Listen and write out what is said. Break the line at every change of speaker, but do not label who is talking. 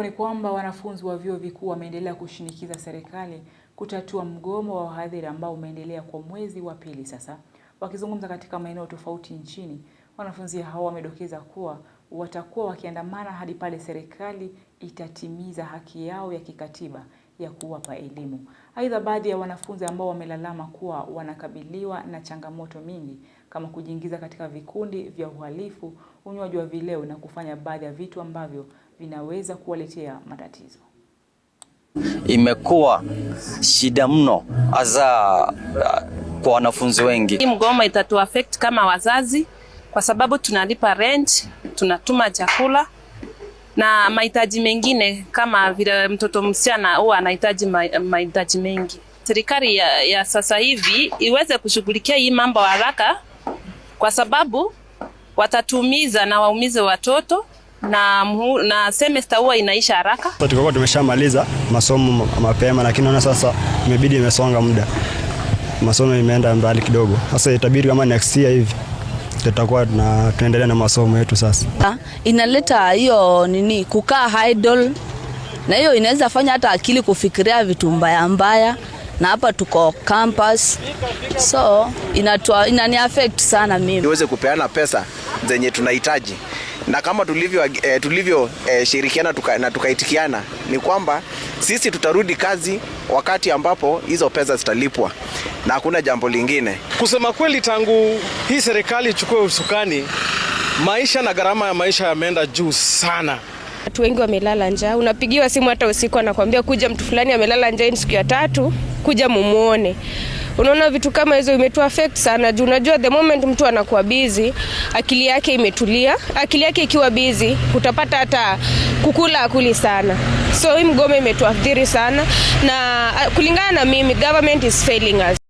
Kwingineko ni kwamba wanafunzi wa vyuo vikuu wameendelea kushinikiza serikali kutatua mgomo wa wahadhiri ambao umeendelea kwa mwezi wa pili sasa. Wakizungumza katika maeneo tofauti nchini, wanafunzi hao wamedokeza kuwa watakuwa wakiandamana hadi pale serikali itatimiza haki yao ya kikatiba ya kuwapa elimu. Aidha, baadhi ya wanafunzi ambao wamelalama kuwa wanakabiliwa na changamoto mingi kama kujiingiza katika vikundi vya uhalifu, unywaji wa vileo na kufanya baadhi ya vitu ambavyo vinaweza kuwaletea matatizo.
Imekuwa shida mno hasa uh, kwa wanafunzi wengi.
Hii mgomo itatu affect kama wazazi, kwa sababu tunalipa rent, tunatuma chakula na mahitaji mengine kama vile mtoto msichana huwa anahitaji mahitaji mengi. Serikali ya, ya sasa hivi iweze kushughulikia hii mambo haraka, kwa sababu watatumiza na waumize watoto na, na semester huwa inaisha haraka.
Tulikuwa tumeshamaliza masomo mapema, lakini naona sasa imebidi imesonga muda, masomo imeenda mbali kidogo. Sasa itabidi kama next year hivi tutakuwa na tunaendelea na masomo yetu. Sasa ah,
inaleta hiyo nini, kukaa idle, na hiyo inaweza fanya hata akili kufikiria vitu mbaya mbaya na hapa tuko campus so inatua, inani affect sana mimi
niweze kupeana pesa zenye tunahitaji na kama tulivyo, eh, tulivyo eh, shirikiana tuka, na tukaitikiana ni kwamba sisi tutarudi kazi wakati ambapo hizo pesa zitalipwa na hakuna jambo lingine.
Kusema kweli, tangu hii serikali ichukue usukani, maisha na gharama ya maisha yameenda juu sana.
Watu wengi wamelala njaa, unapigiwa simu hata usiku, anakuambia kuja mtu fulani amelala njaa siku ya tatu, kuja mumuone. Unaona vitu kama hizo imetu affect sana juu unajua the moment mtu anakuwa busy, akili yake imetulia. Akili yake ikiwa busy, utapata hata kukula akuli sana. So hii mgomo imetuathiri sana na kulingana na mimi, government is failing us.